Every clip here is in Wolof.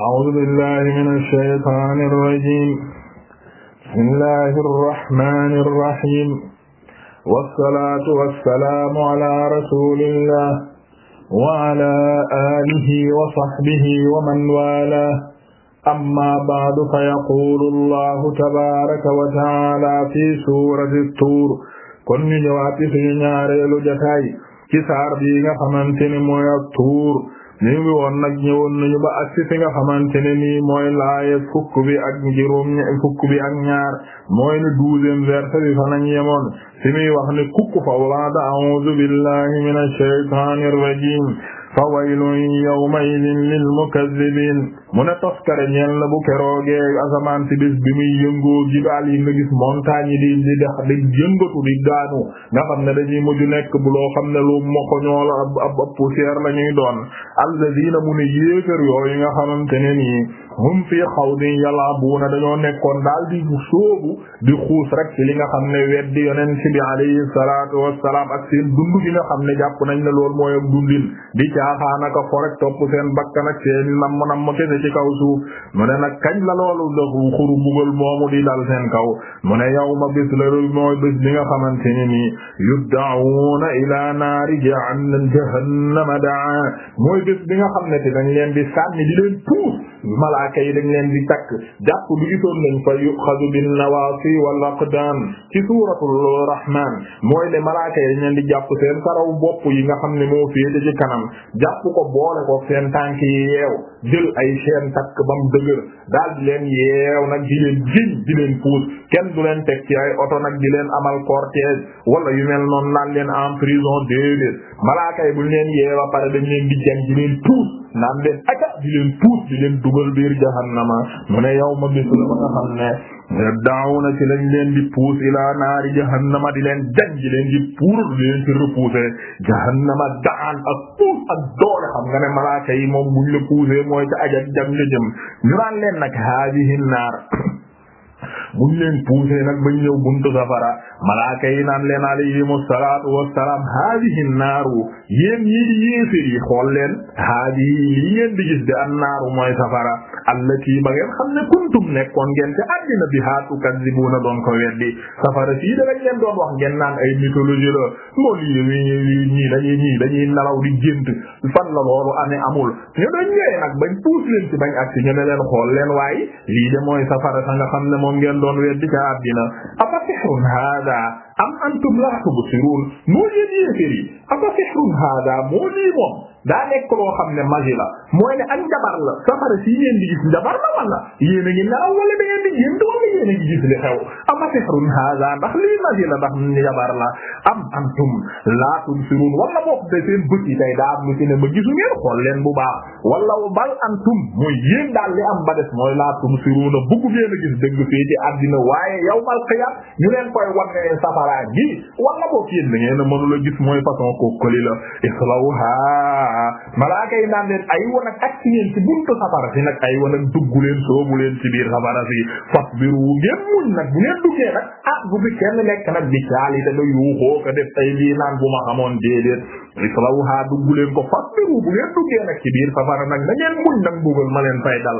أعوذ بالله من الشيطان الرجيم بسم الله الرحمن الرحيم والصلاة والسلام على رسول الله وعلى آله وصحبه ومن والاه أما بعد فيقول الله تبارك وتعالى في سورة الطور kon ñu ñëwaat ci suñu ñaareelu jotaay ci saar bi nga xamante ne mooy Tuur ñu ngi woon nag ñëwoon nañu ba agsi fi nga xamante ne nii mooy laaye fukk bi ak juróom fukk bi ak ñaar mooy ne douzième verset bi fa lañ yemoon fi muy wax ne kukku fa walaada a'uudu billahi minash shaytaanir rajiim fa waylun yawmaydin lil mukazzibiin mu ne toskare ñeel na bu keroogee asamaan si bés bi muy yëngoo jibaal yi nga gis montagne yi di di dex di yëngatu di daanu nga xam ne dañuy mujj nekk bu loo xam ne lu mokoñoo la ab ab poussière la ñuy doon alladiina mu ne yéefar yooyu nga xamante ne nii hum fii xawdin yalaabuuna dañoo nekkoon daal di sóobu di xuus rek ci li nga xam ne weddi yonent bi alayhi salaatu wassalaam ak seen dund gi nga xam ne jàpp nañ ne loolu mooy ak dundin di caaxaan ak fo rek topp seen bakkan ak seen nam nam kese ci kaw suuf mu ne nag kañ la loolu def xuru bugal moomu di dal seen kaw mu ne yawma bis la mooy bis bi nga xamante ne nii yud'awna ila naari jahannama daa mooy bis bi nga xam ne te dañ leen di sànni leen puus malaaka yi dañ leen di takk jàpp du gisoon nañ fa yuxadu bin nawaasi wal aqdam ci suuratul rahmaan mooy ne malaaka yi dañ leen di jàpp seen saraw bopp yi nga xam ne moo féete ci kanam jàpp ko boole ko seen tànk yi yeew jël ay seen takk ba mu dëgër daal di leen yeew nag di leen jiñ di leen puus kenn du leen teg ci ay oto nag di leen amal cortège wala yu mel noonu naan leen en prison déedéet malaaka yi buñ leen yeew a pare dañ leen di jam di leen puus naan leen aca di leen puus di leen dugal biir jahannama mu ne yow ma bisu la ba nga xam ne daaw na ci lañ leen di puus ilaa naari jahannama di leen jañ di leen di puur di leen ci repousser jahannama daan ak puus ak doole xam nga ne malaaka yi moom buñ la puusee mooy ca ajak jam la jëm ñu naan leen nag haadihi naar buñ leen poussé nag bañ ñëw buntu safara malaaka yi naan leen alayhimu salaatu wassalaam haadihi naaru yéen ñii di yéefér yi xool leen haadihi lii ngeen di gis di an naaru mooy safara allati ba ngeen xam ne kuntum nekkoon ngeen ca àddina bi haatu kadibuna doon ko weddi safara sii da lañ leen doon wax ngeen naan ay mythologie la moo lii ñii dañuy ñii dañuy nalaw di gént fan la loolu amee amul ñu doon ñëwee nag bañ puus leen ci bañ ak ci ñu ne leen xool leen waaye lii de mooy safara sa nga xam ne moom ngeen doon weddi ca àddina afa sihrun hada am antum la tubsirun moo yéen yéefér yi afa sihrun moo lii moom daa nekk loo xam ne magie la mooy ne ak njabar la safara si yéen di gis njabar la wala yéen a ngi nelaw wala da ngeen di gént wala yéen a ngi gis li xew ama sihrun hada ndax lii magie la ndax njabar la am antum laa tubsirun wala bokk te seen bët yi tey daa am lu ci ne ba gisu ngeen xool leen bu baax wala bal antum mooy yéen daal li am ba des mooy laa tubsiruna bëggu ngeen a gis dëgg fii ci àddina waaye yawmal qiyaam ñu leen koy wan malaaka yi naan leen ay wan ak ak ngeen ci buntu safara si nag ay wan ak dugg leen soobu leen ci biir safara si fasbiru ngeen muñ nag bu ngeen duggee nag ah bu fi kenn nekk nag di caali te da def tay lii naan bu ma xamoon déedéet islawha dugg leen ko fasbiru bu ngeen duggee nag ci biir safara nag ngeen muñ nag mbugal ma leen fay dal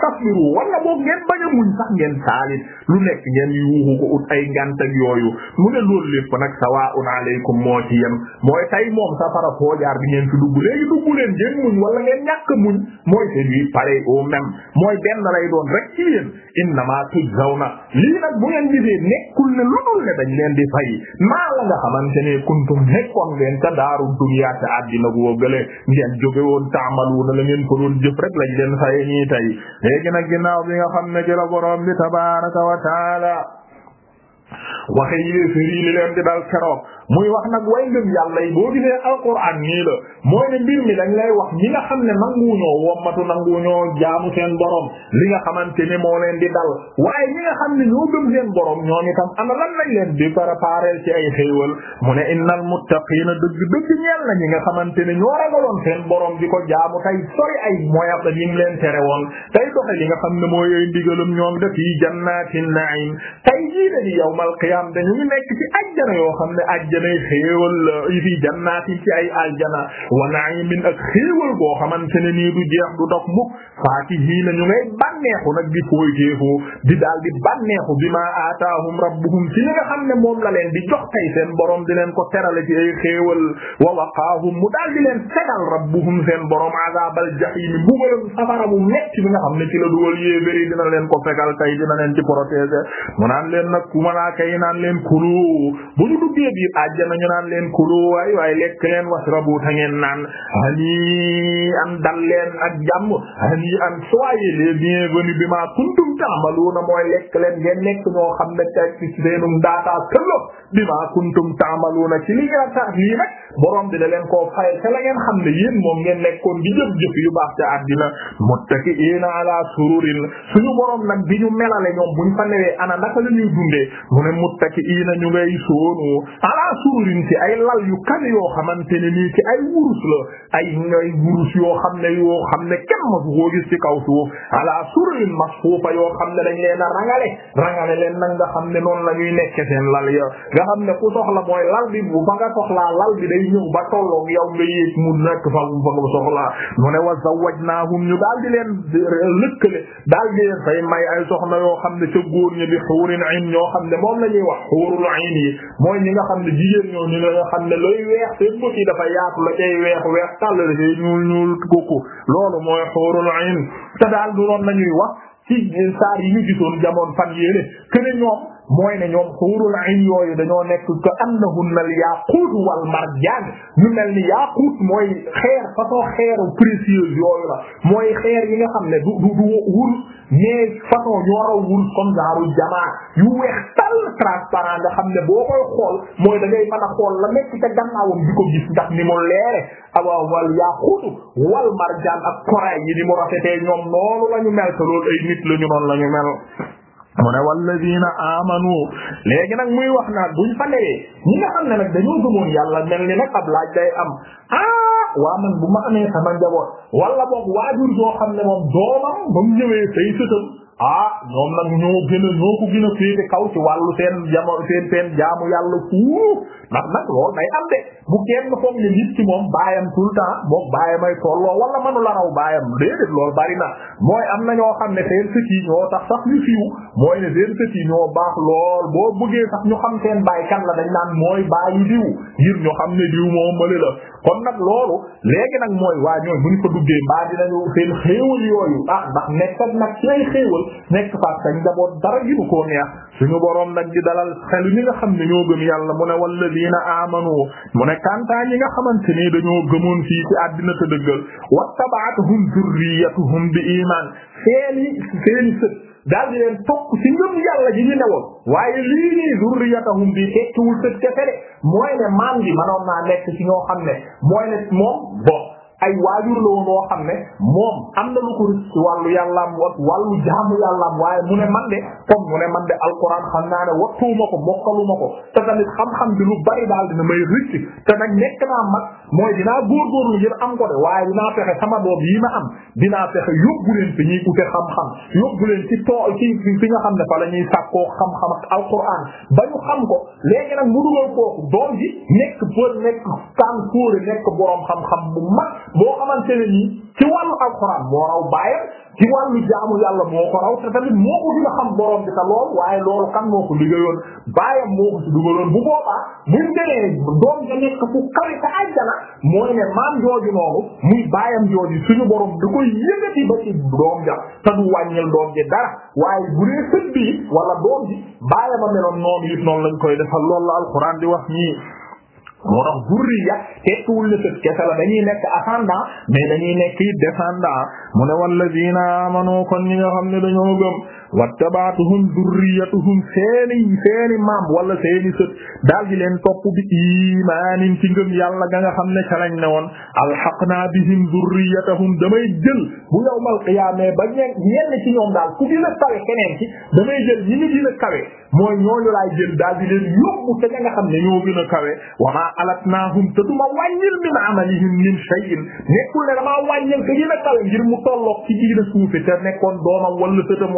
tasbiru wala boog ngeen bañ a muñ sax ngeen saalit lu nekk ngeen yuuxu ko ut ay ngant yooyu mu ne loolu lépp nag sawaa'un alaykum moo yem mooy tay moom safara foo jaar di ngeen fi dugg léegi dugg leen ngeen muñ wala ngeen ñàkk muñ mooy c'est du pareil au même mooy benn lay doon rek ci yéen innama tujzawna lii nag bu ngeen gisee nekkul ne lu dul ne dañ leen di fay maa la nga xamante ne kuntum nekkoon ngeen ca daaru dunya ca àddina goo ngeen jóge woon taamalu na la ngeen lañ leen fay léegi nag ginnaaw bi nga xam ne ci la borom bi tabaaraka wa taala waxe yéefér yi li leen di dal keroog muy wax nag way ngëm yàlla yi boo gisee alquran nii la mooy lay wax ñi nga xam ne nanguñoo wommatu ñoo jaamu seen borom li nga xamante ni moo leen di dal waaye ñi nga xam ne ñoo gëm seen borom ñoom itam ana lan lañ leen di préparer ci ay xéewal mu ne innal muttaqiina dëgg dëgg ñeel na ñi nga xamante ne ñoo ragaloon seen borom di ko jaamu tey sori ay moyab yi mu leen tere woon tey doxe li nga xam ne mooy ay ndigalam ñoom def yi jannatin na'im ñii de di yawmal qiyaam dañu ngi nekk ci ajjana yoo xam ne ajjana yi xéewal yi fi jannaati ci ay aljana wa na'imin ak xéewal boo xamante ne nii du jeex du dog mukk faatihiina ñu ngay bànneexu nag di fooy géefu di daal di bànneexu bi ma aataahum rabbuhum ci li nga xam ne moom la leen di jox tay seen borom di leen ko terale ci ay xéewal wa waqaahum mu daal di leen fegal rabbuhum seen borom azaabal jahiim mbugalam safara mu metti bi nga xam ne ci la dugal yéebéri dina leen ko fegal tay dina leen ci protéger mu naan leen leen nag ku malaaka yi naan leen kulu bu ñu duggee biir àjjana ñu naan leen kulu waay waay lekk leen wasrabu ta ngeen naan hani an dal leen ak jàmm hani an soyez les bienvenus bi ma kuntum ta'maluna mooy lekk leen ngeen nekk ñoo xam ne teg ci seenum daataa këllo bi ma kuntum ta'maluna ci li nga tax lii nag borom bi da leen koo fay te la ngeen xam ne yéen moom ngeen nekkoon di jëf jëf yu baax ca àddina muttaki'ina ala sururin suñu borom nag bi ñu melale ñoom buñ fa newee ana naka dundee mu ne muttakiina ñu ngay soonu ala sururin ci ay lal yu kan yoo xamante ne nii ci ay wurus la ay ngay yoo xam ne yoo xam ne kenn masu koo ci kaw suuf ala sururin masfuufa yoo xam ne a rangale rangale leen nag nga la ñuy nekke seen lal ya nga xam ne ku soxla mooy lal bi bu fa nga soxlaa lal bi day ñëw ba mu ne wa zawajnaahum ñu daal di leen lëkkale daal di leen fay may ay soxna yoo xam ñoo xam ne moom la ñuy wax xuurul ayn yi mooy ñi nga xam ne jigéen ñoo ñu nga xam ne looy weex seen bët yi dafa yaatu la cay weex weex tàll la cay ñuul ñuul kooku loolu mooy xuurul ayn te daal du loon ñuy wax ci saar yi ñu gisoon jamono fan yéene kene ñoom mooy ne ñoom xuurul ayn yooyu dañoo nekk ka annahunna al yaqut wal marjan ñu mel ni yaqut mooy xeer façon xeeru précieux yooyu la mooy xeer yi nga xam ne du du du wurus mais façon ñoo raw wurus comme genre jamaa yu weex tal transparent nga xam ne boo koy xool mooy da ngay mën a xool la nekk ca gannaawam di ko gis ndax ni mu leere awaa wal yaqut wal marjan ak corail yi ni mu rafetee ñoom noonu lañu ñu mel te loolu ay nit la ñu noonu mel mu ne walladina amanu léegi nag muy wax naa buñ fa newee ñi nga xam ne nag dañoo gëmoon yàlla mel ni nag ab laaj day am ah waa bu ma amee sama njaboot wala boog waajur joo xam ne moom doomam ba mu ñëwee say sëtam ah ñoom nag ñoo gën a ñoo ko gën a kaw ci wàllu seen jamo seen seen jaamu yàlla fuuf ndax nag loolu day am de bu kenn foog ne nit ci moom baayam tout le temps moom baayamay tolloo manu la raw baayam déedéet loolu bari na mooy am na ñoo xam ne seen sët ñoo tax sax ñu fiiw mooy ne seen sët ñoo baax lool boo bëggee sax ñu xam seen baay kan la dañ naan mooy baayu diw ngir ñu xam ne diw moom mali la kon nag loolu léegi nag mooy waa ñooy bu ñu ko duggee mbaa dinañu seen xéewal yooyu ah, nekk faak sañ njaboot dara gi bu koo neex suñu boroom nag dalal xelu ñi nga xam ne ñoo gëm yàlla mu ne walladina amanu mu ne kantaa ñi nga xamante ni dañoo gëmoon fii ci àddina te dëggal wattaba'athum dhurriyyatuhum bi iman seeni seeni sët daal di leen topp ci ngëm yàlla ji ñu newoon waaye lii nii zurriyatahum bi tekkiwul sët kese de mooy ne maam bi manoon naa nekk ci ñoo xam ne mooy ne moom bon ay waajur la woo xam ne moom am na lu ko ci wàllu yàllaam wa wàllu jaamu yàllaam waaye mu ne man de comme mu ne man de alquran xam naa ne wattuwuma ko mokkaluma ko te tamit xam-xam bi bari daal dina may rëcc te nag nekk naa mag mooy dinaa góorgóorlu ngir am ko de waaye dinaa fexe sama doom yi ma am dinaa fexe yóbbu leen fi ñuy ute xam-xam yóbbu leen ci too ci fi nga xam ne fa la ñuy sàkkoo xam-xam ak alquran ba ñu xam ko léegi nag mu dugal boo xamante ne nii ci wàllu alxuraan moo raw baayam ci wàllu jaamu yàlla moo ko raw te tamit moo ko dina xam borom bi te lool waaye loolu kan moo ko liggéeyoon baayam moo ko ci dugaloon bu boobaa buñ demee doom ja nekk fu kawe ca àjjana mooy ne maam jooju noonu muy baayam jooju suñu borom da koy yëngati ba ci doom ja te du wàññil doom ji dara waaye bu dee sët wala doom ji baayam a meloon noonu it noonu lañ koy defal loolu la alxuraan di wax ñii moo tax zurriya tekkiwul la sët kese la dañuy nekk ascendant mais dañuy nekk descendant mu ne walladiina amanu kon ni nga xam ne dañoo gëm wattabaatuhum durriyatuhum seeni seeni maam wala seeni sët daal di leen topp bi imaanin ci ngëm yàlla ga xam ne ca lañ ne woon alxaqnaa bihim durriyatahum damay jël bu yawmal qiyaamee ba ñeen ñenn ci ñoom daal ku dina kawe keneen ci damay jël ñi te ña ne ñoo gën a kawe alatnaahum te duma wàññil min amalihim min shay'in nekkul ne damaa wàññil te gën a mu tolloog ci gën a suufe te nekkoon doomam wala sëtam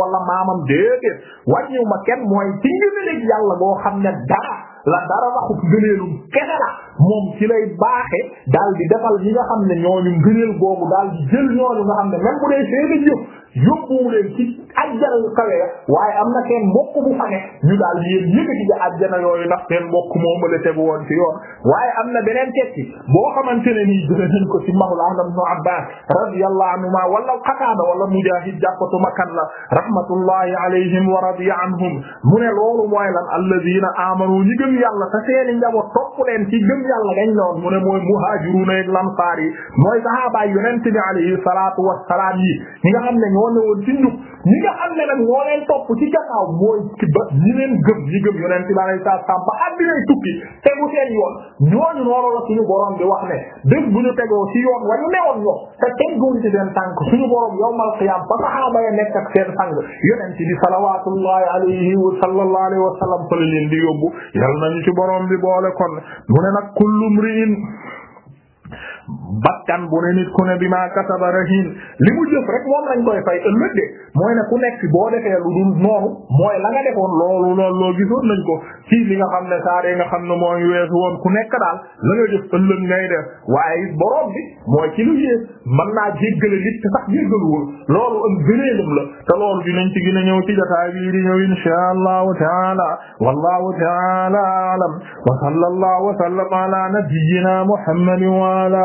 jaamam déedéet wàññiw ma kenn mooy ci ngëneelu yàlla boo xam ne dara la dara waxut ngëneelum kese la moom ci lay baaxe daal di defal ñi nga xam ne ñooñu ngëneel boobu daal di jël ñooñu nga xam ne même bu dee seeni jëf yóbbuwu leen ci ajjana yu kawe waaye am na seen mbokk bu fa ne ñu daal di yéen yëkkati ci ajjana yooyu ndax seen mbokk moo mën a tegu woon ci yoon waaye am na beneen tekki boo xamante ne nii jëlee nañ ko ci Mawlaana Ibnu Abbaas radiyallahu anhuma wala Qataada wala Mujaahid jàppatuma kan la rahmatullahi alayhim wa radiya anhum mu ne loolu mooy lan alladiina aamanu ñi gëm yàlla ta seeni njaboot topp leen ci gëm yàlla gañ loon mu ne mooy muhaajiruuna ak lansaar yi mooy sahaaba yonent bi alayhi salaatu wassalaam yi ñi nga xam ne ñoo ne woon ñi nga xam ne nag ñoo leen topp ci gannaaw mooy ci ba ñi leen gëm ñi gëm yonent bi alayhi salaam ba addinay tukki tegu seen yoon ñooñu noonu la suñu borom bi wax ne bés bu ñu tegoo ci yoon wayu newoon ñoom te tegguñ ci seen tànk suñu borom yawmal qiyaam ba saxaaba ya nekk ak seen sang yonent bi salawaatullahi alayhi wa sallallahu alayhi wa sallam fa la leen di yóbbu yal nañu ci borom bi boole kon mu ne nag kullu mri'in bakkan bu ne nit ku ne bi maa kasaba rahin li mu jëf rek moom lañ koy fay ëllëg de mooy ne ku nekk boo defee lu dul noonu mooy la nga defoon loolu loolu loo gisoon nañ ko ci li nga xam ne saare nga xam ne mooy weesu woon ku nekk daal la nga de ëllëg ngay def waaye borom bi mooy ci lu yées mën naa jéggale nit te sax jéggaluwul loolu am gëneelam la te loolu dinañ ci gën a ñëw ci jotaay bi di ñëw inshaa Allahu taala taala alam wa sallallahu wa sallama ala